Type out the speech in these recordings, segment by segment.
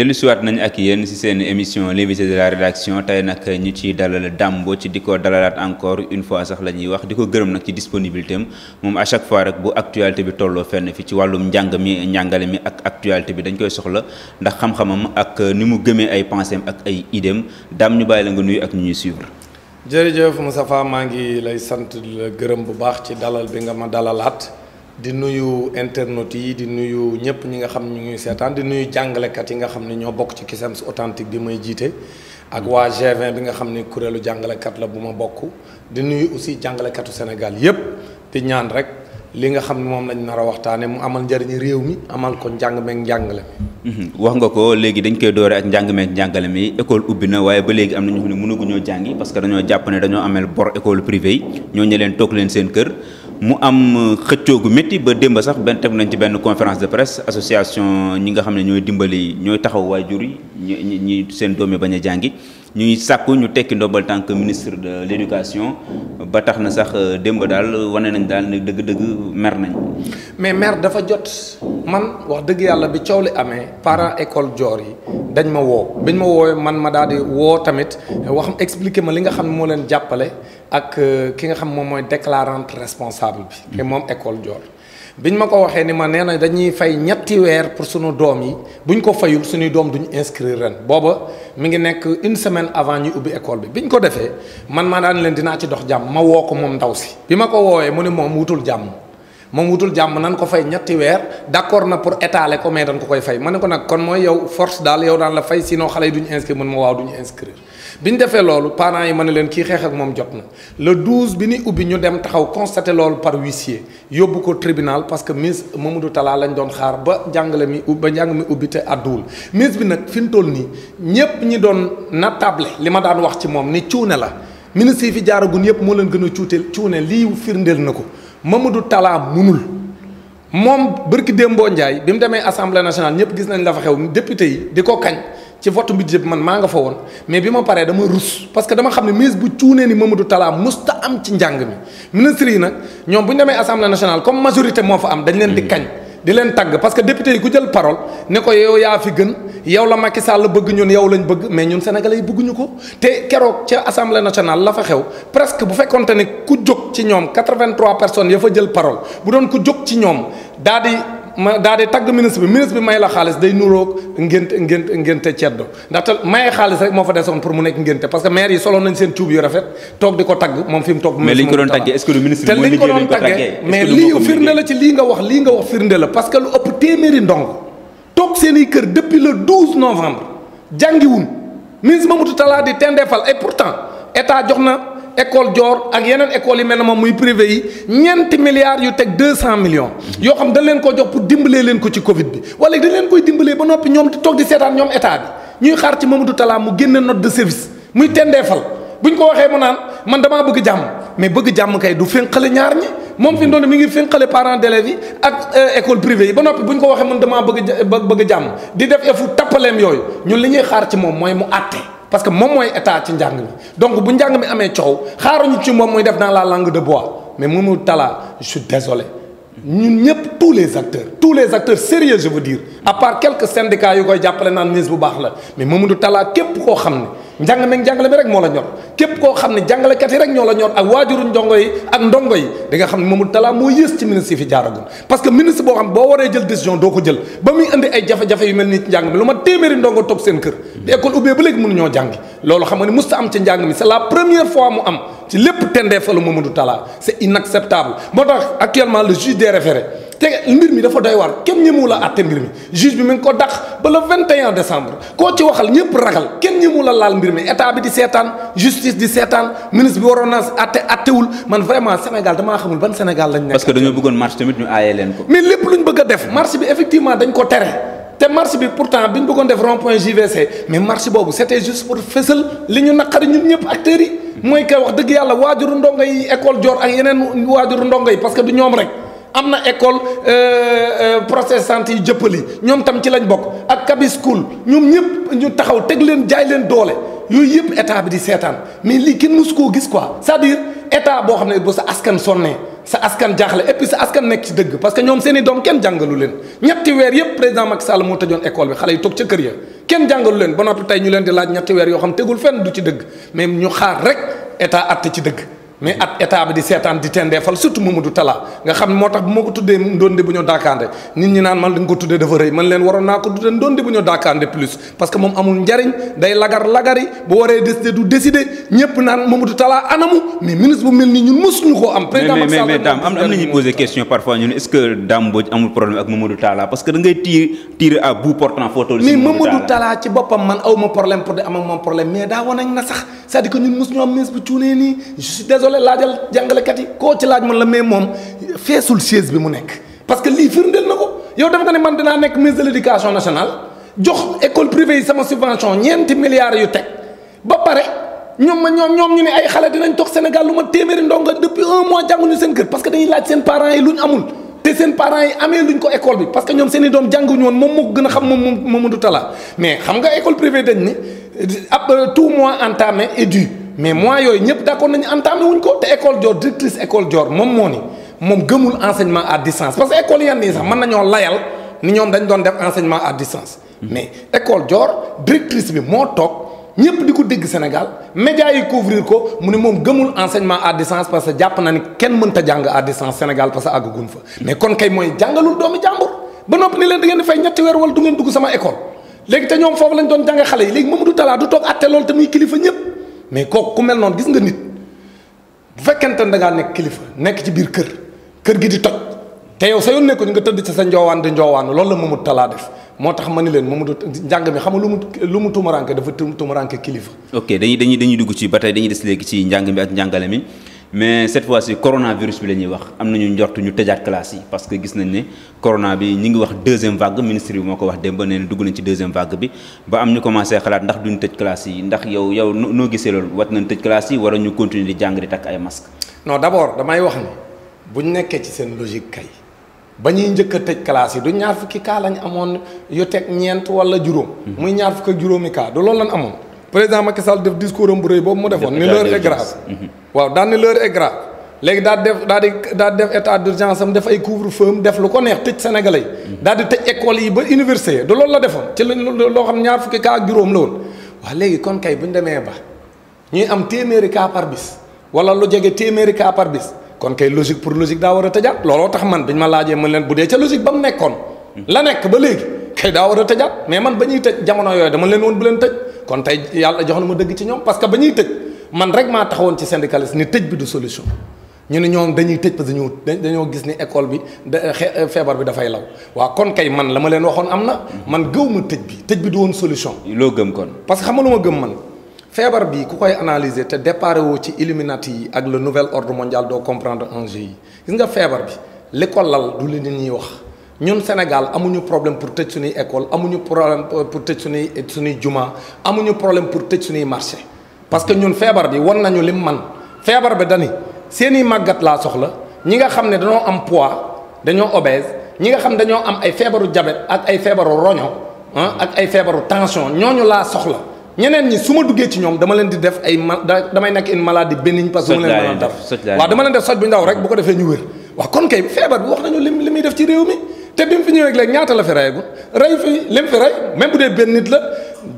dellu siwaat nañ ak yéen ci seen émission l'invité de la rédaction tey nag ñu ciy dalal Dame ci di ko dalalaat encore une fois sax la ñuy wax di ko gërëm nag ci disponibilité am moom à chaque fois rek bu actualité bi tolloo fenn fi ci wàllum njàng mi njàngale mi ak actualité bi dañ koy soxla ndax xam-xamam ak ni mu gëmee ay pensées ak ay idéem Dame ñu bàyyi la nga nuyu ak ñu ñuy suivre. jërëjëf Moustapha maa ngi lay sant la gërëm bu baax ci dalal bi nga ma dalalaat. di nuyu internet yi di nuyu ñëpp ñi nga xam ñu ngi seetaan di nuyu jàngalekat yi nga xam ne ñoo bokk ci Cusems authentique bi may jiite ak waa g bi nga xam ne kuréelu jàngalekat la bu ma bokk di nuyu aussi jàngalekatu Sénégal yëpp di ñaan rek li nga xam ne moom lañ nar a waxtaane mu amal njëriñ réew mi amal ko njàng meeg njàngale mi mhm. wax nga ko léegi dañ koy doore ak njàng meeg njàngale mi école ubbi na waaye ba léegi am na ñoo xam ne mënaguñoo parce que dañoo jàpp ne dañoo amel bor école privée yi ñoo ñu leen toog leen seen kër mu am euh, xëccoo gu métti ba démb sax benn teg nañ ci benn conférence de presse association ñi nga xam ne ñooy dimbali ñooy taxaw waajur yi ñi seen doom yi bañ a jàngi ñu ngi sàkku ñu tekki ndombal tant que ministre de l' ba tax na sax euh, démb daal wane nañu daal ne dëgg-dëgg mer nañ. mais mer dafa jot man wax dëgg yàlla bi coow li amee parents école joor yi dañ ma woo biñ ma woowee man ma daal di woo tamit wax expliquer ma li nga xam ne moo leen jàppale ak euh, ki nga xam moom mooy déclarante responsable bi. te moom école joor biñ ma ko waxee ni ma nee na dañuy fay ñetti weer pour suñu doom yi buñ ko fayul suñuy doom duñu inscrire ren booba mu ngi nekk une semaine avant ñu ubbi école bi bi ñu ko defee man maa daan leen dinaa ci dox jàmm ma woo ko moom ndaw si. bi ma ko woowee mu ne moom wutul jàmm moom wutul jàmm nan ko fay ñetti weer d'accord na pour étaler ko mais dañ ko koy fay ma ne ko nag kon mooy yow force daal yow daan la fay sinon xale yi duñ inscrire man ma waaw duñ inscrire. bi ñu defee loolu parent yi ma ne leen kii xeex ak moom jot na le 12 bi ñuy ubbi ñu dem taxaw constaté loolu par huissier yóbbu ko tribunal parce que Miss Mamadou Talla lañu doon xaar ba jàngale mi ba njàng mi ubbi te àdduwul Miss bi nag fi mu toll nii ñëpp ñi doon natable li ma daan wax ci moom ni cuune la ministre yi fi jaaragun yëpp moo leen gën a cuute cuune lii firndeel na ko Mamadou Talla munul. moom bërki démboo Ndiaye bi mu demee assemblée nationale ñëpp gis nañ la fa xew député di ko kañ. ci vote budget bi man maa nga fa woon mais bi ma paree dama rus parce que dama xam ne ministre bu cuunee ni Mamadou Talla musta am ci njàng mi ministre yi nag ñoom bu ñu demee assemblée nationale comme majorité moo fa am dañ leen di kañ di leen tagg parce que député yi ku jël parole ne ko yow yaa fi gën yow la Macky Sall bëgg ñun yow lañ bëgg mais ñun sénégalais yi bëgguñu ko te keroog ca assemblée nationale la fa xew presque bu fekkonte ne ku jóg ci ñoom 83 personnes ya fa jël parole bu doon ku jóg ci ñoom ma daa di tagg ministre bi ministre bi may la xaalis day nuroog ngénte ngénte ngénte ceddo ndaxte maye xaalis rek moo fa desoon pour mu nekk ngénte parce maire yi soloon nañ seen cuub yu rafet toog di ko tagg moom fi toog ministre bi mooy firnde la ci lii nga wax lii nga wax firnde la parce lu ëpp téeméeri ndong toog seen kër depuis le novembre jàngiwun ministre Mamadou Talla di tendeefal et pourtant état jox na école Dior ak yeneen école yi mel na moom muy privé yi ñeenti milliards yu teg deux cent millions yoo xam dañ leen koo jox pour dimbalee leen ko ci Covid bi wala dañ leen koy dimbalee ba noppi ñoom di toog di seetaan ñoom état bi ñuy xaar ci Mamadou Talla mu génne note de service muy tendeefal bu ñu ko waxee mu naan man damaa bëgg jàmm mais bëgg jàmm du fénqale ñaar ñi moom fi mu mi ngi fénqale parents d'élèves yi ak euh, ba noppi bu ko waxee man damaa bëgg bëgg jàmm di def efu tappaleem yooyu ñun li ñuy xaar ci moom mooy mu àtte parce que moom mooy état ci njàng mi donc bu njàng mi amee coow ñu ci moom muy def dans la langue de bois mais Mamadou Talla je suis ñun ñëpp tous les acteurs tous les acteurs sérieux je veux dire à part quelques syndicats yu koy jàppale naan mise bu baax la mais Mamadou Talla képp koo xam ne njàng meeg njàngale mi rek moo la ñor képp koo xam ne jàngalekat yi rek ñoo la ñor ak waajuru ndongo yi ak ndongo yi di nga xam ne Mamadou Talla moo yées ci ministre yi fi jaaragul parce que ministre boo xam boo waree jël décision doo jël ba muy indi ay jafe yu mel nii ci njàng mi lu ma téeméeri ndongo toog seen kër bi école ubbee ba léegi mënu ñoo jàngi loolu xam nga ne musta am ci njàng mi c'est la première fois mu am ci lépp tendee falu Mamadou Talla c'est inacceptable moo tax actuellement le juge de référés te mbir mi dafa doy waar kenn ñëmu la àtte mbir mi juge bi mi ngi ko dàq ba le 21 décembre koo ci waxal ñëpp ragal kenn ñëmu la laal mbir mi état bi di seetaan justice di seetaan ministre bi waroon na àtte àttewul man vraiment Sénégal damaa xamul ban Sénégal lañ nekk. parce que dañoo bëggoon marche tamit ñu aaye leen ko. mais lépp luñ bëgg a def marche bi effectivement dañ ko tere. te marche bi pourtant bi ñu bëggoon def rond point JVC mais marche que du ñoom rek. am na école euh, euh, protestante yi jëppali ñoom tam ci lañ bokk ak kabi school ñoom ñëpp ñu taxaw teg leen jaay leen doole yooyu yëpp état bi di seetaan mais lii kenn mësu koo gis quoi sa à dire état boo xam ne bu sa askan sonnee sa askan jaaxle et puis sa askan nekk ci dëgg parce que ñoom seeni i doom kenn jàngalu leen ñetti weer yëpp président Macky Sall moo tëjoon école bi xale yi toog ca kër ya kenn jàngalu leen ba noppi tey ñu leen di laaj ñetti weer yoo xam tegul fenn du ci dëgg mais ñu xaar rek état àtte ci dëgg. mais at état bi di seetaan di tendeefal surtout Mamadou Talla nga xam moo tax bu ma ko tuddee Ndonde bu ñu daakaande nit ñi naan man dañ ko tuddee dafa rëy man leen waroon naa ko tuddee Ndonde bu ñu daakaande plus parce que moom amul njariñ day lagar lagari bu waree décider du décider ñëpp naan Mamadou Talla anamu mais ministre bu mel nii ñun mosuñu koo am. président Macky Sall mais mais Dame am nañu posé question parfois ñun est-ce que Dame Mbodj amul problème ak Mamadou Talla parce que da ngay tiir tiir à bout portant photo. mais Mamadou Talla ci boppam man aw ma problème pour de am ak moom problème mais daa woon nañ na sax c'est-à-dire que ñun mosuñu am ministre bu cuunee nii isolé laajal jàngalekat yi koo ci laaj man la mais moom feesul chaise bi mu nekk. parce que lii firndeel na ko yow dafa nga ne man dinaa nekk ministre de l' éducation nationale jox école privée yi sama subvention ñeenti milliards yu teg ba pare ñoom ma ñoom ñoom ñu ne ay xale dinañ toog Sénégal lu ma téeméeri ndonga depuis un mois jànguñu seen kër parce que dañuy laaj seen parents yi lu amul. te seen parents yi amee luñ ko école bi parce que ñoom seen i mais mois yooyu ñëpp d'accord nañu entamé wuñ ko te école Dior directrice école Dior moom moo ni moom gëmul enseignement à distance parce que école yan nii sax mën doon def enseignement à distance. mais école Dior directrice bi moo toog ñëpp di ko dégg Sénégal médias yi couvrir ko mu ne moom gëmul enseignement à distance parce que jàpp na ni kenn mënta jàng à distance Sénégal parce que àggaguñ fa. mais kon kay mooy jàngalul doomi jàmbur ba noppi ni leen da ngeen di fay ñetti weer wala du ngeen dugg sama école léegi te ñoom mais kooku ku mel noonu gis nga nit bu fekkente ne da ngaa nekk kilifa nekk ci biir kër kër gi di toj te yow sa yoon nekku ñu nga tëdd ci sa njoowaan di njoowaanu lool la Mamadou talaa def moo tax ma ni leen Mamadou njàng mi xam nga lu mu lu mu tumaranke dafa tumaranke kilifa. ok dañuy dañuy dañuy dugg ci ba tey dañuy des léegi ci njàng mi ak njàngale mi. mais cet fois-ci coronavirus bi la ñuy wax am nañu njortu ñu tëjaat classe yi parce que gis nañ ni corona bi ñi ngi wax deuxième vague ministre bi moo ko wax démb nee na dugg nañ ci deuxième vague bi ba am ñu commencé xalaat ndax duñ tëj classe yi ndax yow yow noo gisee loolu wat nañ tëj classe yi wala ñu continuer di jàng di takk ay masque non d'abord damay wax ni buñ nekkee ci seen logique kay ba ñuy njëkk a tëj classe yi du ñaar fukki cas amoon yu teg ñeent wala juróom mm-hmm. muy ñaar fukk ak juróomi cas du loolu lañ amoon président Macky Sall def discours am bu rëy boobu mu defoon ni l'heure est grave mhm. waaw daan ni l'heure est grave léegi daal def daal di def état d'urgence am def ay couvre-feu def lu ko neex tëj sénégalais yi mhm. daal di tëj école yi ba université yi lool la defoon ci loo xam ñaar fukki cas ak juróom la woon léegi kon kay bu ñu demee ba ñuy am téeméeri cas par bis wala lu jege téeméeri cas par bis kon kay logique pour logique daa war a tëjaat looloo tax man bi ma laajee mën leen bu dee ca logique ba mu nekkoon mhm. la nekk ba léegi daa war a mais man ba ñuy tëj jamono yooyu dama leen woon leen tëj kon tey yàlla jox na ma dëgg ci ñoom parce que ba ñuy tëj man rek maa taxawoon ci syndicaliste ni tëj bi du solution ñu ne ñoom dañuy tëj parce que dañoo gis ni école bi feebar bi dafay law waaw kon kay man la ma leen waxoon am na man gëw ma tëj bi tëj bi du woon solution. loo gëm kon. parce que xam nga lu ma gëm man feebar bi ku koy analyser te déparé woo ci Illuminati yi ak le nouvel ordre mondial doo comprendre enjeu yi gis nga feebar bi li ko lal du li nit ñuy wax. ñun Sénégal amuñu problème pour tëj suñuy école amuñu problème pour tëj suñuy suñuy juma amuñu problème pour tëj suñuy marché parce que ñun feebar bi wan nañu lim man feebar bi dani seeni màggat laa soxla ñi nga xam ne dañoo am poids dañoo obèse ñi nga xam dañoo am ay feebaru diabète ak ay feebaru roño ah, ak ay feebaru tension ñooñu laa soxla ñeneen ñi su ma duggee ci ñoom dama leen di def ay ma damay nekk une maladie bénigne parce que ma leen mën a def ko defee ñu wér waaw kon kay li muy def ci réew mi te bi mu fi ñëwee léegi ñaata la fi rayagul rey fi lim fi rey même bu dee benn nit la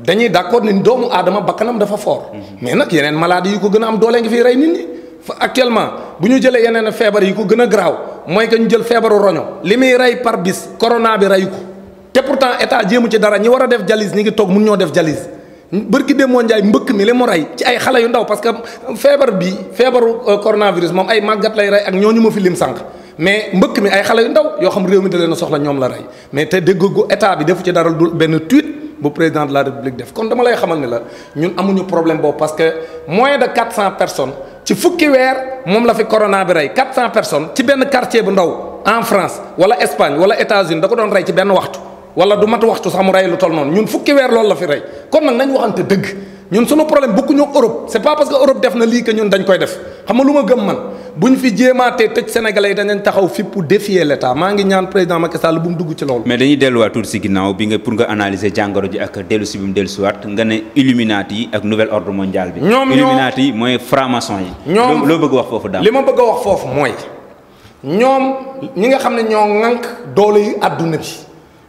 dañuy d'accord ni doomu aadama bakkanam dafa fort. mais nag yeneen maladies yi ko gën a am doole ngi fi rey nit fa actuellement bu ñu jëlee yeneen feebar yi ko gën garaaw mooy que ñu jël feebaru roño li muy rey par bis corona bi rey ko te pourtant état jéemu ci dara ñi war a def dialyse ñi ngi toog mun ñoo def dialyse bërki demoo Njaay mbëkk mi li mu rey ci ay xale yu ndaw parce que feebar bi feebaru euh, coronavirus moom ay màggat lay rey ak ñu ma fi lim sànq. mais mbëkk mi ay xale yu ndaw yoo xam réew mi da leen a soxla ñoom la rey mais te dégg état bi defu ci dara dul benn tweet bu président de la république def kon dama lay xamal ne la ñun amuñu problème boobu parce que moins de 400 personnes ci fukki weer moom la fi corona bi rey 400 personnes ci benn quartier bu ndaw en France wala Espagne wala États-Unis da ko doon rey ci benn waxtu wala du mat waxtu sax mu rey lu toll noonu ñun fukki weer loolu la fi rey kon nag nañ waxante dëgg. ñun sunu problème bokkuñu Europe c'est pas parce que Europe def na lii que ñun dañ koy def xam nga lu ma gëm man bu ñu fi jéemaatee tëj sénégalais yi danañ taxaw fi pour défier l'état maa ngi ñaan président Macky Sall bu mu dugg ci loolu. mais dañuy delluwaat tuuti si ginnaaw bi nga pour nga analyser jàngoro ji ak dellu si bi mu dellu si waat nga ne Illuminati yi ak nouvel ordre mondial bi. ñoom ñoo Illuminati yi mooy franc-maçon yi. ñoom loo bëgg wax foofu daal. li ma bëgg a wax foofu ñoom ñi nga xam ne ñoo ŋànk doole adduna bi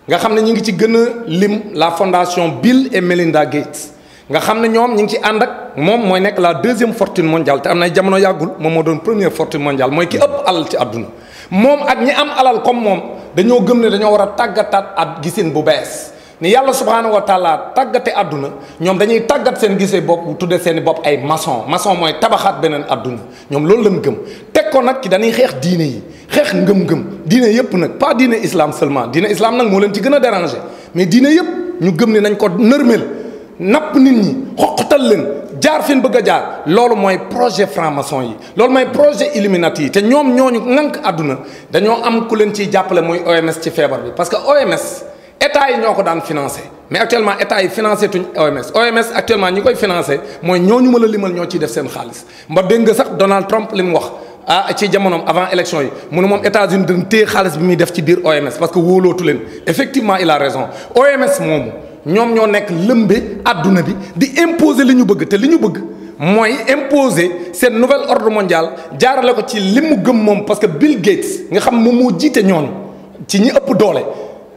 nga xam ne ñu ngi ci gën a lim la fondation Bill et Melinda Gates nga xam ne ñoom ñu ngi ci ànd ak moom mooy nekk la deuxième fortune mondiale te am na jamono yàggul moom moo doon première fortune mondiale mooy ki ëpp alal ci àdduna moom ak ñi am alal comme moom dañoo gëm ne dañoo war a tàggataat ab gisin bu bees ni yàlla subhaanahu wa taala tàggate àdduna ñoom dañuy tàggat seen gisee bopp tudde seeni bopp ay mason maçon mooy tabaxaat beneen àdduna ñoom loolu lañ gëm teg ko nag ki dañuy xeex diine yi xeex ngëm-ngëm diine yëpp nag pas diine islam seulement diine islam leen ci gën a déranger mais diine yëpp ñu gëm ne nañ ko nërmeel napp nit ñi xoqatal leen jaar fi ñu bëgg jaar loolu mooy projet franc yi loolu mooy projet illuminati yi te ñoom ñooñu ŋànk àdduna dañoo am ku leen ci jàppale muy OMS ci feebar bi parce que OMS état yi ñoo ko daan financé mais actuellement état yi financé tuñ OMS OMS actuellement ñi koy financé mooy ñooñu mën a limal ñoo ciy def seen xaalis mba dégg nga sax Donald Trump li mu wax ah ci jamonoom avant élection yi mu ne moom États-Unis dañ xaalis bi muy def ci biir OMS parce que leen effectivement il raison OMS moomu. ñoom ñoo nekk lëmbe àdduna bi di imposer li ñu bëgg te li ñu bëgg mooy imposer seen nouvelle ordre mondiale jaarale ko ci li mu gëm moom parce que Bill Gates nga xam moom moo jiite ñooñu ci ñi ëpp doole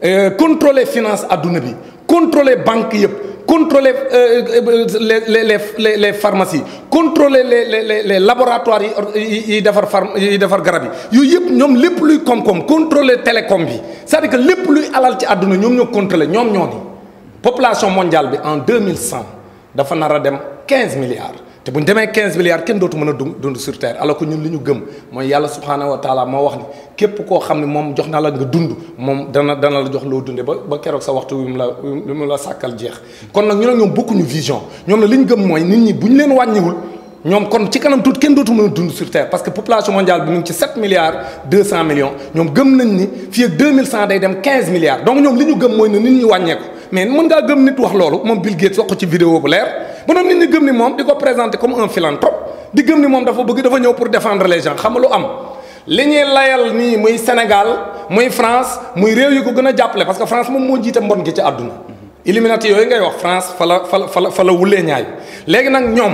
euh, contrôler finance àdduna bi contrôler banque yëpp contrôler le euh, euh, les le les pharmacies contrôler les les les laboratoires yi yi defar farm yi defar garab yi yooyu yëpp ñoom lépp luy koom-koom contrôler télécom bi cest à lépp luy alal ci àdduna ñoom ñoo contrôler ñoom ñoo population mondiale bi en deux mille cent dafa nar a dem quinze milliards te bu ñu demee quinze milliards kenn dootu mën a dund dund sur terre alors ñun li ñu gëm mooy yàlla subhaanahu wa taala moo wax ni képp koo xam ne moom jox na la nga dund moom dana dana la jox loo dunde ba ba keroog sa waxtu wi mu la wi mu la sàkkal jeex kon nag ñu ne ñoom bokkuñu vision ñoom ne li ñu gëm mooy nit ñi bu ñu leen wàññiwul. ñoom kon ci kanam tuuti kenn dootu mën a dund sur terre parce que population mondiale bi mu ngi ci 7 milliards 200 millions ñoom gëm nañ ni fii ak 2100 day dem 15 milliards donc ñoom li ñu gëm mooy ne nit ñi wàññeeku mais mën ngaa gëm nit wax loolu moom Bill Gates wax ko ci vidéo bu leer ba noonu nit ñi gëm ni moom di ko présenté comme un philanthrope di gëm ni moom dafa bëgg dafa ñëw pour défendre les gens am. li ñuy layal nii muy Sénégal muy France muy réew yi ko gën a jàppale parce que France moom moo jiite mbon gi ci àdduna. Illuminati yooyu ngay wax France fa la fa fa la wulee ñaay léegi nag ñoom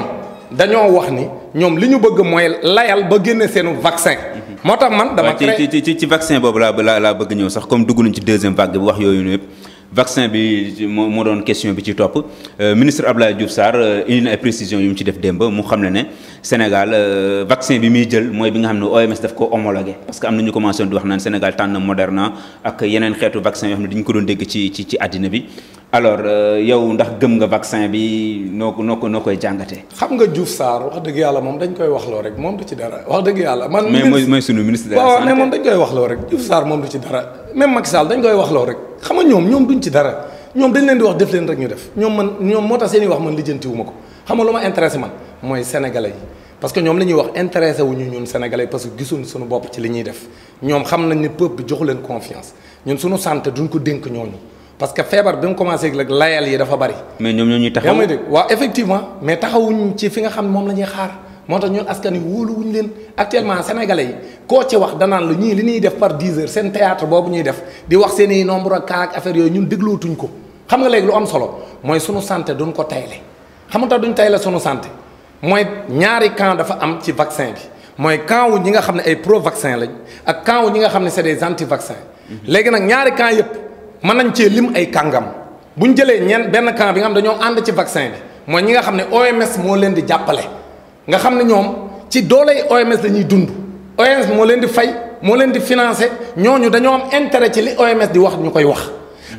dañoo wax ni ñoom li ñu bëgg mooy layal ba génne seenu vaccin. moo tax man dama. ci ci ci ci vaccin boobu laa laa laa bëgg ñëw sax comme dugg nañ ci deuxième vague bi wax yooyu yëpp. vaccin bi moo moo doon question bi ci topp euh, ministre Abdoulaye Diouf Sarr euh, indi na ay précisions yu mu ci def démb mu xam ne ne Sénégal euh, vaccin bi muy jël mooy bi nga xam ne OMS daf ko homologué parce que am na ñu commencé di wax naan Sénégal tànn Moderna ak yeneen xeetu vaccin yoo xam ne dañu ko doon dégg ci ci ci àddina bi. alors euh, yow ndax gëm nga vaccin bi noo ko noo ko noo koy jàngatee. xam nga Diouf Sarr wax dëgg yàlla moom dañ koy wax loo rek moom du ci dara wax dëgg yàlla. man mais mooy mooy sunu ministre de la koy wax loo rek Diouf Sarr moom du ci dara même Macky Sall dañ koy wax loo rek xam nga ñoom ñoom duñ ci dara ñoom dañ leen di def leen rek ñu def ñoom man ñoom moo tax seen i wax man lijjantiwu ma ko xam nga lu ma man mooy sénégalais yi parce que ñoom la ñuy wax intéressé wuñu ñun sénégalais parce que gisuñ suñu bopp ci li ñuy def ñoom xam nañ ne peuple bi joxu leen confiance ñun suñu santé duñ ko dénk ñooñu parce que feebar bi mu commencé ak layal yi dafa bari. mais ñoom ñoo ñuy taxaw yaa dégg waaw effectivement mais taxawuñ ci fi nga xam ne moom la ñuy xaar moo tax ñun askan wi wóoluwuñ leen actuellement sénégalais yi koo ci wax danaan la ñii li ñuy def par 10 heures seen théâtre boobu ñuy def di wax seen i nombre ak cas ak affaire yooyu ñun déglootuñ ko xam nga léegi lu am solo mooy sunu santé duñ ko tayle xam nga tax duñ tayle sunu santé mooy ñaari camp dafa am ci vaccin bi mooy camp wu ñi nga xam ne ay pro vaccin lañ ak camp wu ñi nga xam ne c'est des anti vaccin mm-hmm. léegi nag ñaari camp yëpp mën nañ cee lim ay kàngam bu ñu jëlee ñenn benn camp bi nga xam dañoo ànd ci vaccin bi mooy ñi nga xam ne OMS moo leen di jàppale nga xam ne ñoom ci dooley OMS dañuy dund OMS moo leen di fay moo leen di financé ñooñu dañoo am intérêt ci li OMS di wax ñu koy wax.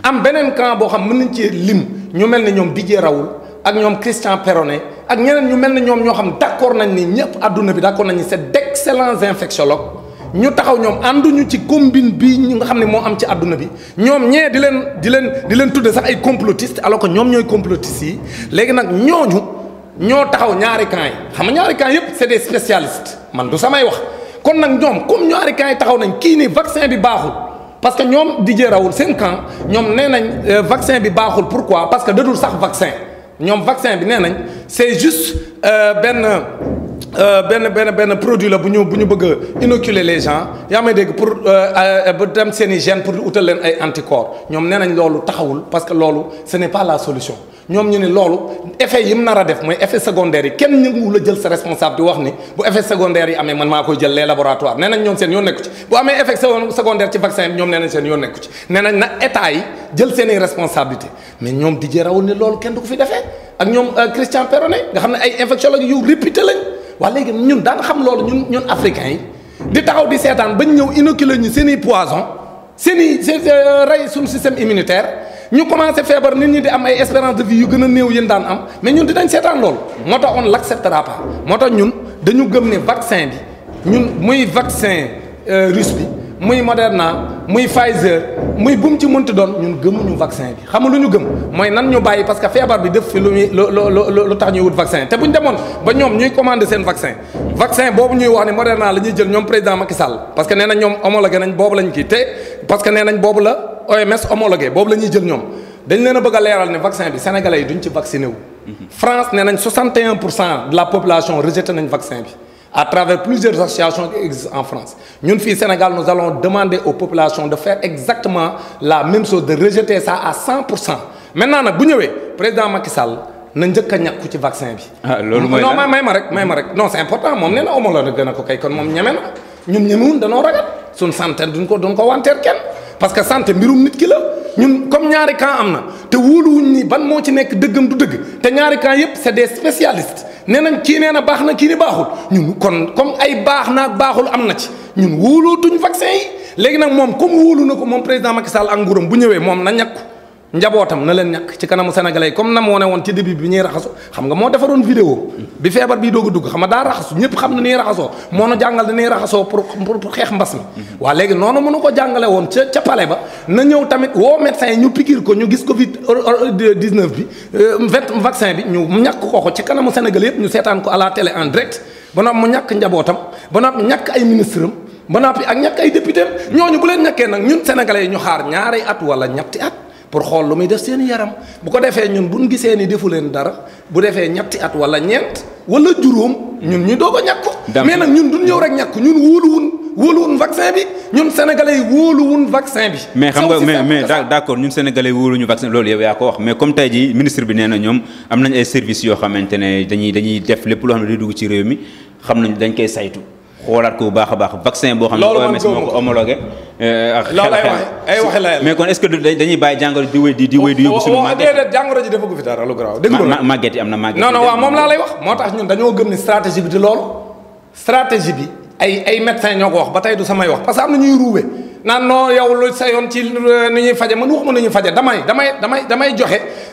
am beneen camp boo xam mën nañ cee lim ñu mel ne ñoom Didier Raoult ak ñoom Christian Perronnet ak ñeneen ñu mel ne ñoom ñoo xam d' accord nañ ni ñëpp àdduna bi d' accord nañ ni c' est d' ñu taxaw ñoom ànduñu ci combine bi ñu nga xam ne moo am ci àdduna bi ñoom ñee di leen di leen di leen tudde sax ay complotiste alors que ñoom ñooy complotiste yi léegi nag ñooñu ñoo taxaw ñaari camp yi xam nga ñaari camp yëpp c'est des spécialistes man du samay wax kon nag ñoom comme ñaari camp yi taxaw nañ kii ni vaccin bi baaxul parce que ñoom Didier rawul seen camp ñoom nee nañ euh, vaccin bi baaxul pourquoi parce que dadul sax vaccin ñoom vaccin bi nee nañ c'est juste euh, benn Euh, benn benn benn produit la bu ñu bu ñu bëgg a inoculer les gens yaa may dégg pour euh, euh, ba dem seen i gène pour utal leen ay anticorps ñoom nee taxawul parce que loolu ce n'est pas ñoom ñu ne loolu effet yi mu nar a def mooy effet secondaire yi kenn ñu la jël sa responsable di wax ni bu effet secondaire yi amee man maa koy jël les laboratoires nee nañ ñoom seen yoon nekku ci bu amee effet secondaire ci vaccin ñoom nee nañ seen yoon nekku ci nee nañ na état yi jël seen i responsabilité mais ñoom di jee rawoon ne loolu kenn du ko fi defee ak ñoom Christian Perronnet nga xam ne ay infectiologue yu réputé lañ waa léegi ñun daan xam loolu ñun ñun africains yi di taxaw di seetaan bañ ñëw inoculer ñu seen i poison seen i euh, seen rey suñu système immunitaire ñu commencé feebar nit ñi di am ay espérance de vie yu gën a néew yéen daan am mais ñun dinañ seetaan loolu moo tax on l'acceptera pas moo tax ñun dañu gëm ne vaccin bi ñun muy vaccin euh, russe bi muy Moderna muy Pfizer muy bu mu ci mënti doon ñun gëmuñu vaccin bi xam lu ñu gëm mooy nan ñu bàyyi parce que feebar bi def fi lu ñuy lu lu tax ñuy wut vaccin te bu ñu demoon ba ñoom ñuy commandé seen vaccin. vaccin boobu ñuy wax ne Moderna la ñuy jël ñoom président Macky Sall parce que nee na ñoom homologué nañ boobu lañ kii te parce que nee nañ boobu la OMS homologué boobu la ñuy jël ñoom dañ leen a bëgg a leeral ne vaccin bi sénégalais yi duñ ci vacciné wu. Mhm. nañ 61 pour cent de la population rejeté nañ vaccin bi. à travers plusieurs associations qui existent en France ñun fii Sénégal nous allons demander aux populations de faire exactement la même chose de rejeter ça à 100 pour cent maintenant nag bu ñëwee président Macky na njëkk a ñàkku ci vaccin bi. ah loolu mooy may ma rek may ma rek non c'est important moom nee na homologué na ko kay kon moom ñeme na ñun ñemewuñ danoo ragal suñ santé duñ ko duñ ko wanteer kenn parce que santé mbirum nit ki ñun comme ñaari camp am na te wóoluwuñ ni ban moo ci nekk dëggam du dëgg te ñaari camp yëpp c'est des spécialistes nee nañ kii nee na baax na kii ni baaxul ñun kon comme ay baax naa baaxul am na ci ñun wóolootuñ vaccin yi léegi nag moom comme wóolu na ko moom président Macky Sall ak nguuram bu ñëwee moom na ñàkk njabootam na leen ñàkk ci kanamu sénégalais yi comme na mu ne woon ci début bi ñuy raxasu xam nga moo defaroon vidéo bi feebar bii doog a dugg xam nga daa raxasu ñëpp xam na ni raxasoo moo nu jàngal dañuy raxasoo pour pour xeex mbas mi waa léegi noonu mënu ko jàngale woon ca ca pale ba na ñëw tamit woo médecin yi ñu pikiir ko ñu gis covid 19 bi euh, vingt vaccin bi ñu ñàkk ko ko ci kanamu sénégal yëpp ñu seetaan ko à la télé en direct ba noppi njabootam ba noppi ñàkk ay ministre am ba noppi ak ñàkk ay député am ñooñu bu leen ñàkkee nag ñun sénégalais yi ñu xaar ñaari at wala ñetti at pour xool lu muy def seen yaram bu ko defee ñun bu ñu gisee ni defu leen dara bu defee ñetti at wala ñeent wala juróom ñun ñu doo a ñàkku mais nag ñun duñ ñëw rek ñàkku ñun wóoluwun wóoluwun vaccin bi ñun sénégalais yi wóoluwun vaccin bi. mais xam nga mais mais d' accord ñun sénégalais yi wóoluñu vaccin loolu yow yaa ko wax mais comme tey jii ministre bi nee na ñoom am nañ ay services yoo xamante ne dañuy dañuy def lépp loo xam ne day dugg ci réew mi xam nañ dañ koy saytu. xoolaat ko bu baax a baax vaccin boo xam ne OMS moo eh, kon est yi am na màgget non non waaw moom laa lay wax ay ay ba samay wax parce que am na ñuy ruube naan noo yow lu sa yoon ci euh, ni ñuy faje man waxuma damay damay damay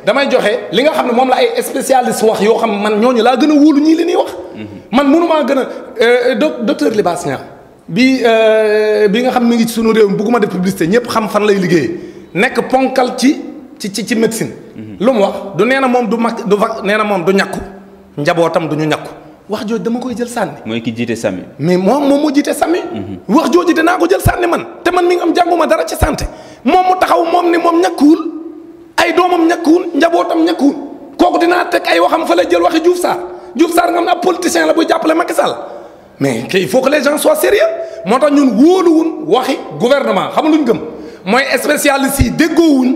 damay li nga xam ne moom la ay spécialiste wax yoo xam man ñooñu laa gën a wóolu ñii li ñuy wax mm-hmm. man mënumaa gën a euh, docteur Libaas Niang bi euh, bi nga xam mi ngi ci sunu réew mi bëgguma def publicité ñëpp xam fan lay liggéey nekk ponkal ci ci ci ci médecine. Mhm. lu mu wax du nee na moom du mag du vac nee na moom du ñàkku njabootam du ñu wax jooju dama koy jël sànni. mooy ki jiite sami. mais moom moom mu jiite sami. Mhm. wax jooju danaa ko jël sànni man te man mi ngi am jànguma dara ci santé moom mu taxaw moom ni moom ñàkkuwul ay doomam ñàkkuwul njabootam ñàkkuwul kooku dinaa teg ay waxam fa la jël waxi Diouf Sarr Diouf Sarr nga xam ne ab politicien la buy jàppale Macky Sall mais il faut que les gens soient sérieux moo tax ñun wóoluwun waxi gouvernement xam luñ gëm mooy spécialiste yi wuñ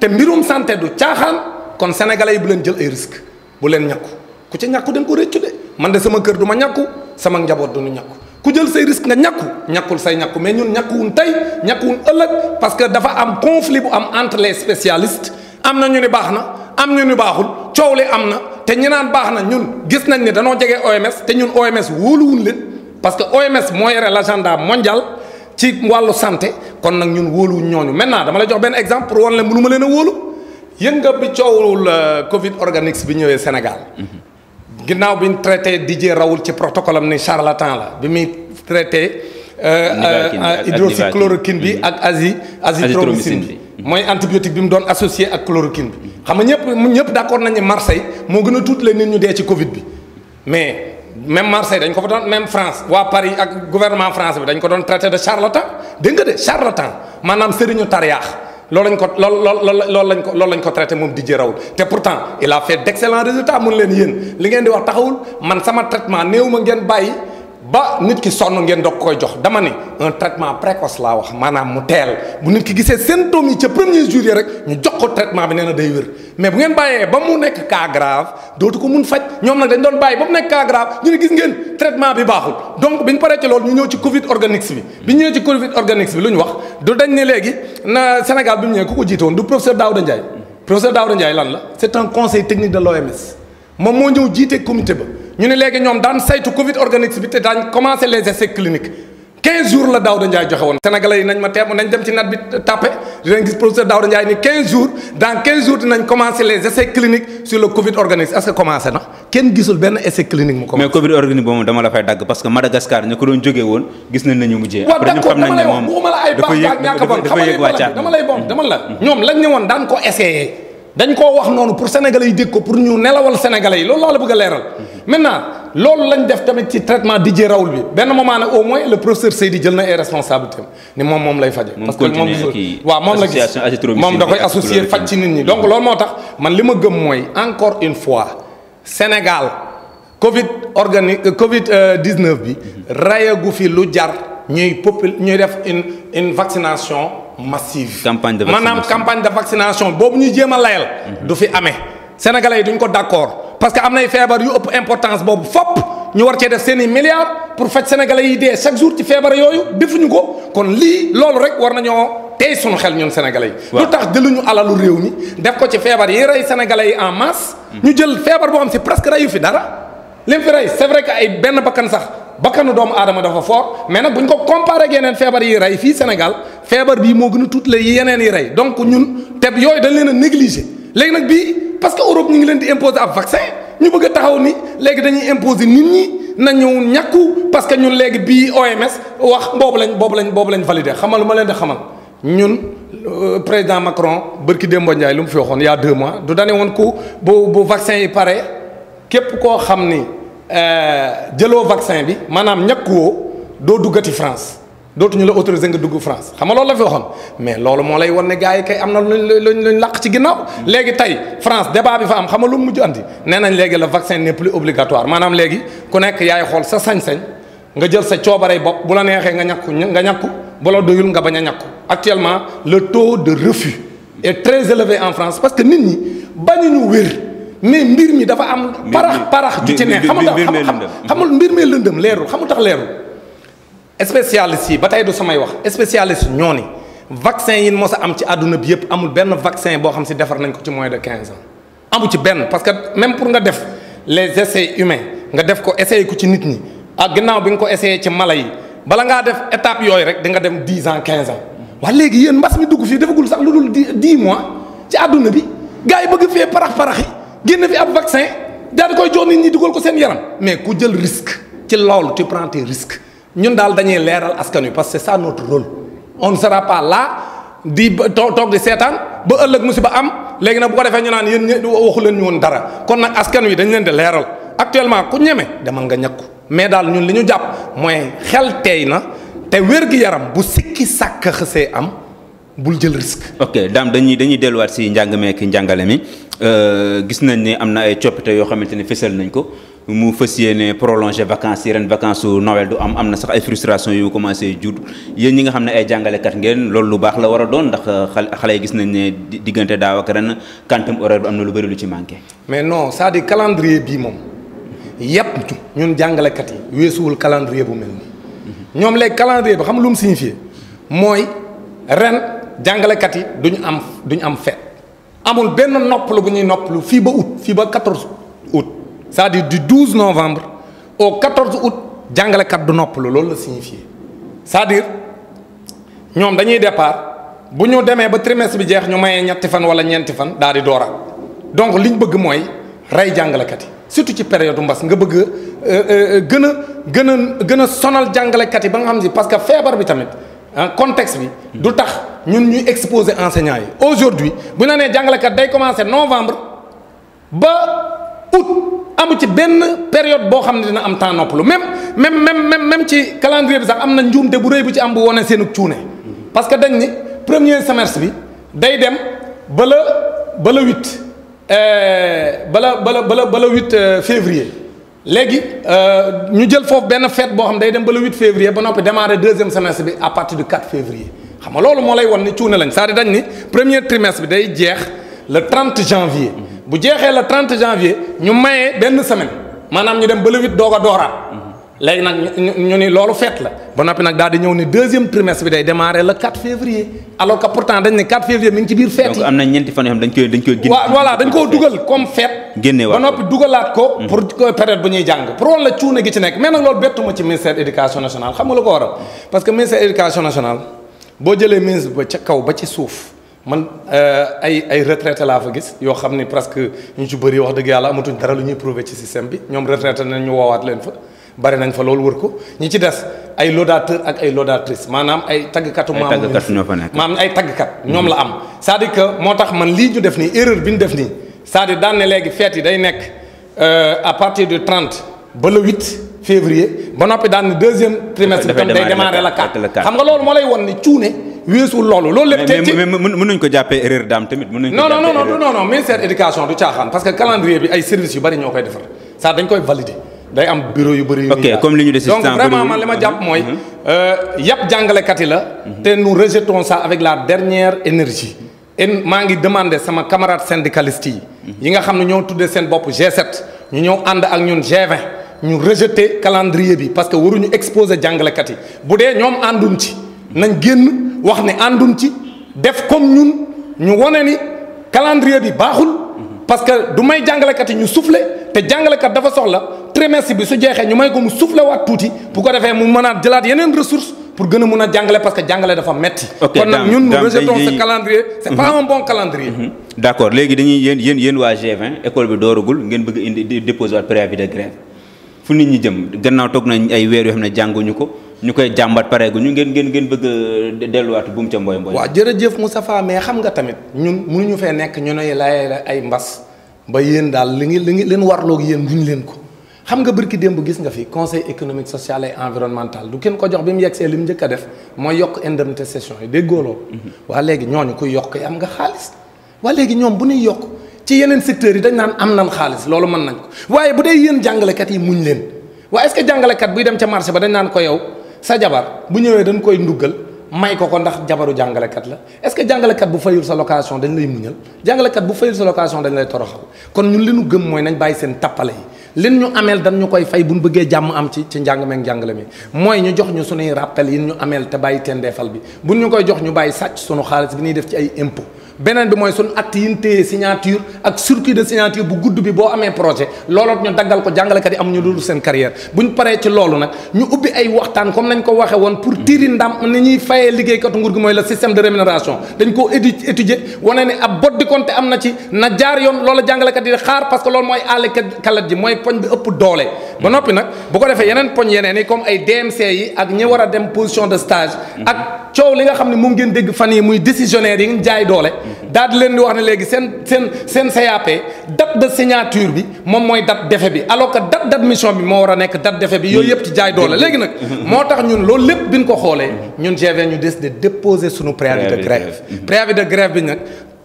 te mbirum santé du caaxaan kon sénégalais yi bu leen jël ay risques bu leen ñàkku ku ci ñàkku dañ ko réccu de man de sama kër du ma ñàkku sama njaboot du ñu ñàkku ku jël say risque nga ñàkku ñàkkul say ñàkku mais ñun ñàkkuwun tey ñàkkuwun ëllëg parce que dafa am conflit bu am entre les spécialistes na ñu baax na am ñu ni baaxul coow li am na. te ñu naan baax na ñun gis nañ ne danoo jege OMS te ñun OMS wóoluwuñ leen parce que OMS moo yore l' agenda mondial ci wàllu santé kon nag ñun wóoluwuñ ñooñu maintenant dama la jox benn exemple pour wan leen mënu ma leen a wóolu yën nga bi coowul euh, Covid organique bi ñëwee Sénégal. Mm-hmm. ginnaaw bi ñu traité Didier rawul ci protocole am ni charlatan la bi muy traité. Euh, euh, hydroxychloroquine bi ak asi mm-hmm. azithromycine bi mooy antibiotique bi mu doon associé ak chloroquine bi xam nga ñëpp ñëpp d'accord nañu ne Marseille moo gën a tuut la nit ñu dee ci Covid bi mais même Marseille dañ ko fa doon même France waa Paris ak gouvernement français bi dañ ko doon traité de charlatan dégg nga de charlatan maanaam sëriñu tariyaax loolu lañ ko lool lool loolu lañ ko loolu lañ ko traité moom Didier Raoult te pourtant il a fait d'excellents résultats mun leen yéen li ngeen di wax taxawul man sama traitement ma ngeen bàyyi ba nit ki sonn ngeen doog koy jox dama ne un traitement précoce laa wax maanaam mu teel bu nit ki gisee symptômes yi ca premier jour yi rek ñu jox ko traitement bi nee na day wér mais bu ngeen bàyyee ba mu nekk cas grave dootu ko mun faj ñoom nag dañ doon bàyyi ba mu nekk cas grave ñu ne gis ngeen traitement bi baaxul donc bi ñu paree ci loolu ñu ñëw ci Covid organique bi. bi ñu ñëwee ci Covid organique bi lu ñu wax du dañ ne léegi na Sénégal bi mu ñëwee ku ko jiite woon lan la c'est un conseil technique de moom moo ñëw jiite comité ba ñu ne léegi ñoom daan saytu Covid organique bi te daañ commencé les essais cliniques 15 jours la Daouda Ndiaye joxe woon. Sénégalais yi nañ ma teem nañ dem ci nat bi tàppe dinañ gis professeur Daouda Ndiaye ni 15 jours dans 15 jours dinañ commencé les essais cliniques sur le Covid organique est-ce que commencé na kenn gisul benn essai clinique mu commencé. mais Covid organique boobu dama la fay dagg parce que dañ koo wax noonu pour sénégal yi dégg ko pour ñu nelawal sénégalais yi loolu laa la bëgg a leeral. maintenant loolu lañ def tamit ci traitement Didier Raoult bi benn moment nag au moins le professeur Seydi jël na ay responsabilité ni moom moom lay faje parce que moom waaw moom la gis moom da koy associé faj ci nit ñi mm. donc loolu moo tax man li ma gëm mooy encore une fois Sénégal Covid organique euh, Covid 19 euh, bi mm-hmm. rayagu fi lu jar ñuy popul ñuy def une une vaccination. massive campagne de vaccination maanaam campagne de vaccination boobu ñuy jéem a layal. Mhm. du fi amee sénégalais yi duñ ko d' accord parce que am nay feebar yu ëpp importance boobu fopp ñu war cee def seen i pour faj sénégalais yi dee chaque jour ci feebar yooyu defuñu ko kon lii loolu rek war nañoo. tey suñu xel ñun sénégalais yi. lu tax jëluñu alalu réew mi def ko ci feebar yi rey sénégalais yi en masse. Mhm. ñu jël feebar boo xam si presque reyu fi dara. lim fi rey c'est vrai que ay benn bakkan sax bakkanu doomu aadama dafa fort mais nag bu ko comparé ak feebar yi rey fii Sénégal. feebar bii moo gën a tuut la yeneen yi rey donc ñun te yooyu dañ leen a négliger léegi nag bii parce que Europe ñu ngi leen di imposer ab vaccin ñu bëgg a taxaw ni léegi dañuy imposer nit ñi nañu ñàkku parce que ñun léegi bii OMS wax boobu lañ boobu lañ boobu lañ validé xamal ma leen di xamal ñun euh, président Macron bërki Demba Ndiaye lu mu fi waxoon il y a du dane woon ku bu bu vaccin yi pare képp koo xam ni euh, jëloo vaccin bi maanaam ñàkkuwoo doo duggati France. dootuñu la autorisé nga dugg France xam la fi waxoon mais loolu moo lay wan ne gars yi kay am na luñ luñ làq ci ginnaaw. léegi tey France débat bi fa am xam nga lu mu mujj andi nee nañ léegi le vaccin n'est plus obligatoire maanaam léegi ku nekk yaay xool sa sañ-sañ nga jël sa coobarey bopp bu la neexee nga ñàkku nga ñàkku bu la doyul nga bañ a ñàkku actuellement le taux de refus est très élevé en France parce que nit ñi bañuñu wér mais mbir mi dafa am. parax parax ju ci ne xamul xamul mbir mi lëndëm leerul xamul tax leerul. spécialiste yi ba tey du samay wax spécialiste ñoo ni vaccin yi mos a am ci àdduna bi yëpp amul benn vaccin boo xam si defar nañ ko ci mois de quinze ans amu ci benn parce que même pour nga def les essais humains nga def ko essayé ko ci nit ñi ak gannaaw bi nga ko essayé ci mala yi bala ngaa def étape yooyu rek di nga dem dix ans quinze ans waa léegi yéen mbas mi dugg fii defagul sax lu dul dix mois ci àdduna bi gars yi bëgg fee parax parax génn fi ab vaccin daal koy jox nit dugal ko seen yaram mais ku jël risque ci loolu tu prends risques ñun daal dañuy leeral askan wi parce que c'est ça notre rôle on ne sera pas là di toog di seetaan ba ëllëg musiba am léegi nag bu ko defee ñu naan yéen waxu leen ñu woon dara kon nag askan wi dañ leen di leeral actuellement ku ñeme demal nga ñàkku mais daal ñun li ñu jàpp mooy xel tey na te wér-gi-yaram bu sikki sàkk xësee am bul jël risque. ok daam dañuy dañuy delluwaat si njàng meek njàngale mi euh, gis nañ ni am na ay coppite yoo xamante ne fësal nañ ko. mu fas yéene prolongé vacances yi ren vacances su Noël du am am na sax ay frustration yu commencé jur yéen ñi nga xam ne ay jàngalekat ngeen lool lu baax la war a doon ndax euh, xale yi gis nañ ne diggante daaw ak ren quantum horaire bi am na lu bari lu ci manqué. mais non c'est-à-dire calendrier bii moom yépp ñun jàngalekat yi weesuwul calendrier bu mel nii ñoom léegi calendrier bi xam lu mu signifié mooy ren jàngalekat yi duñu am duñu am fête amul benn noppalu ñuy noppalu fii ba fii ba 14 août. c'est-à-dire du 12 novembre au 14 août jàngalekat du noppalu loolu la signifié cest à ñoom dañuy départ bu ñu demee ba trimestre bi jeex ñu mayee ñetti fan wala ñeenti fan daal di dooraat donc liñ bëgg mooy rey jàngalekat yi surtout ci période mbas nga bëgg euh, euh, euh, gën a gën a gën a sonal jàngalekat yi ba nga xam si parce que feebar bi tamit contexte bi du tax ñun ñuy exposer enseignants yi aujourd'hui bu ñu nee jàngalekat day commencer novembre ba août amu ci benn période boo xam ne dina am temps noppalu même même même même même ci calendrier bi sax am na njuumte bu rëy bu ci am bu wone seenu cuune parce que dañ ni premier semestre bi day dem ba la ba la bala bala bala bala huit février léegi euh, ñu jël foofu benn fête boo xam day dem ba le huit février noppi démarrer deuxième semestre bi à partir du 4 février xam nga loolu moo lay won ni cuune lañ cest à dañ ni premier trimestre bi day jeex le 30 janvier bu jeexee la 30 janvier ñu maye benn semaine maanaam ñu dem ba le 8 doog a dooraat léegi nag ñu ni loolu fête la ba noppi nag daal di ñëw ni deuxième trimestre bi day démarrer le 4 février alors que pourtant dañ ne 4 février mi ngi ci biir fête yi. donc am na ñeenti fan yoo xam dañ koy dañ koy. génne dañ koo dugal comme fête. génne waaw ba noppi dugalaat ko. Mm-hmm. pour période bu ñuy jàng pour woon la cuune gi ci nekk mais nag loolu bettuma ci ministère éducation nationale xam nga lu ko waral parce que ministère éducation nationale boo ba ca kaw ba ci suuf. man euh, ay ay retraité laa fa gis yoo xam ni presque ñu ci bari wax dëgg yàlla amatuñ dara lu ñuy prouvé ci système bi ñoom retraité nañ ñu woowaat leen fa bari nañ fa loolu wër ko ñi ci des ay laudateur ak ay laudatrice maanaam ay taggkatu maam maam ay taggkat mm-hmm. ñoom la am cest à que moo tax man lii ñu def nii erreur bi ñu def nii c'est-à-dire daan ne léegi fête yi day nekk euh, à partir du 30 ba le 8 février ba noppi daan ne deuxième trimestre bi tam day démarrer la won ni cuune weesu loolu. loolu lépp tey ci mais mais mën nañu ko jàppee erreur daam tamit. mën nañu ko jàppee non non non du caaxaan parce que calendrier bi ay services yu bari ñoo koy defar ça dañ koy valider day am bureau yu bari. ok comme li ñu donc mhm. Mhm. Euh, mhm. ça avec la dernière énergie. et maa ngi demandé sama camarade syndicaliste yi. yi nga xam ne ñoo tuddee seen bopp G7 ñu ñëw ànd ak ñun G20 ñu rejeté calendrier bi parce que waruñu exposé jàngalekat yi bu dee ñoom ànduñ ci nañ génn. wax ne àndun ci def comme ñun ñu wane ni calendrier bi baaxul parce que du may jàngalekat yi ñu soufflé te jàngalekat dafa soxla trimestre bi su jeexee ñu may ko mu soufflé waat tuuti bu ko defee mu mën a jëlaat yeneen ressources pour gën mun a jàngale parce que jàngale dafa metti kon nag ñun nous rejetons ce calendrier c'est pas mhm. bon calendrier mhm. d'accord léegi dañuy yéen yen yéen waa g école bi dooragul ngeen bëgg indi déposer waat préavis de grève fu nit ñi jëm gannaaw toog nañ ay weer yoo xam ne jànguñu ko ñu koy jàmbat pare ñu ngeen ngeen ngeen bëgg delluwaat buum ca mboy mboy waaw jërëjëf Moustapha mais xam nga tamit ñun ñu fee nekk ñu ne lay ay mbas ba yéen daal li ngi li ngi leen warloog yéen duñu leen ko xam nga bërki démb gis nga fi conseil économique social et environnemental du ko jox bi mu yegsee li mu njëkk def mooy yokk indemnité session yi déggoo loolu mhm. waa léegi ñooñu kuy yokk am nga xaalis waa léegi ñoom bu ñuy yokk ci yeneen secteurs yi dañ naan am nan xaalis loolu mën nañ ko waaye bu dee yéen jàngalekat yi muñ leen waa est que jàngalekat buy dem ca marché ba dañ naan ko yow sa jabar bu ñëwee dañ koy nduggal may ko ko ndax jabaru jàngalekat la est-ce que jàngalekat bu fayul sa location dañ lay muñal jàngalekat bu fayul sa location dañ lay toroxal kon ñun li ñu gëm mooy nañ bàyyi seen tappale yi lin ñu ameel dañ ñu koy fay bu ñu bëggee jàmm am ci ci njàng meeg njàngale mi mooy ñu jox ñu suñuy rappel yi ñu ameel te bàyyi tendeefal bi bu nu ñu koy jox ñu bàyyi sàcc suñu xaalis bi ñuy def ci ay impôt beneen bi mooy suñ acte yi ñu signature ak circuit de signature bu gudd bi boo amee projet looloot ñu daggal ko jàngalekat yi amuñu dul seen carrière buñ paree ci loolu nag ñu ubbi ay waxtaan comme nañ ko waxee woon pour tiiri ndam ni ñuy fayee liggéeykatu nguur gi mooy la système de rémunération dañ koo étudier wone ne ab bot di compte am na ci na jaar yoon loola jàngalekat yi xaar parce que loolu mooy àll kalat ji mooy poñ bi ëpp doole noppi nag bu ko defee yeneen poñ yeneen comme ay DMC ak ñi war dem position de stage ak coow li nga xam ne moom ngeen dégg fan yi muy décisionnaire yi ngeen jaay doole daal di leen di wax ne léegi seen seen seen CAP date de signature bi moom mooy date d'effet bi alors que date d'admission bi moo war a nekk date defe bi yooyu yëpp ci jaay doole mm-hmm. léegi nag mm-hmm. moo tax ñun loolu lépp bi ñu ko xoolee ñun G20 ñu décidé déposer suñu préavis de grève mm-hmm. préavis de grève bi nag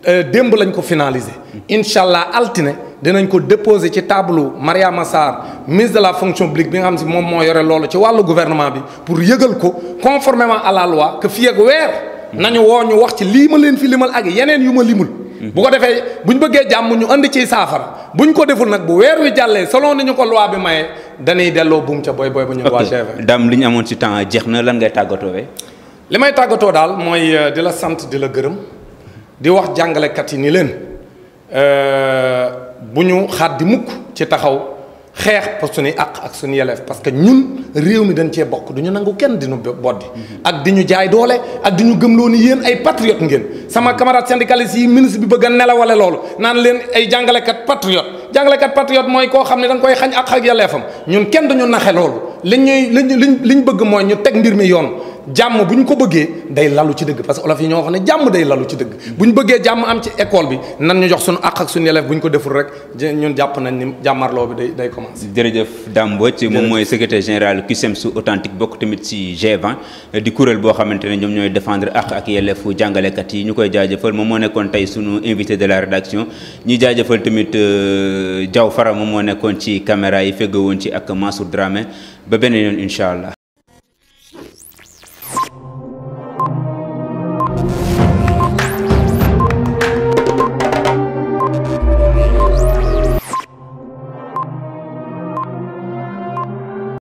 euh, démb lañ ko finaliser incha allah altine dinañ ko déposer ci tableau Mariama Sarr ministre de la fonction publique bi nga xam si moom moo yore loolu ci wàllu gouvernement bi pour yëgal ko conformément nañu woo ñu wax ci lii ma leen fi limal ak yeneen yu ma limul. bu ko defee bu ñu bëggee jàmm ñu andi ciy saafara bu ñu ko deful nag bu weer wi jàllee selon ni ñu ko loi bi maye dañuy delloo buum ca booy booy ba ñu. waa GFM dam li ñu amoon ci temps jeex na lan ngay tàggatoo li may tàggatoo daal mooy euh, di la sant di la gërëm di wax jàngalekat yi ni leen euh, bu ñu xaat mukk ci taxaw. xeex pour suñuy àq ak suñu yeleef parce que ñun réew mi dañ cee bokk du ñu nangu kenn di ñu boddi ak di ñu jaay doole ak di ñu gëmloo ni yéen ay patriote ngeen sama camarade syndicaliste yi ministre bi bëgg a nelawale loolu naan leen ay jàngalekat patriote jàngalekat patriote mooy koo xam ne da koy xañ àq ak yeleefam ñun kenn duñu naxe loolu liñ ñuy li ñu bëgg mooy ñu teg mbir mi yoon jàmm bu ñu ko bëggee day lalu ci dëgg parce que olof yi ñoo wax ne jàmm day lalu ci dëgg bu ñu bëggee jàmm am ci école bi nan ñu jox suñu àq ak suñu élève bu ñu ko deful rek ñun jàpp nañ ni jàmmarloo bi day day commencé. jërëjëf Dame moom mooy secrétaire général CUSEMS authentique bokk tamit si g di kuréel boo xamante ne ñoom ñooy défendre àq ak yelleefu jàngalekat yi ñu koy jaajëfal moom moo nekkoon tey suñu invité de la rédaction ñuy jaajëfal tamit euh, Diaw Fara moom moo nekkoon ci caméra yi feggoon ci ak Mansour Dramé ba beneen yoon incha allah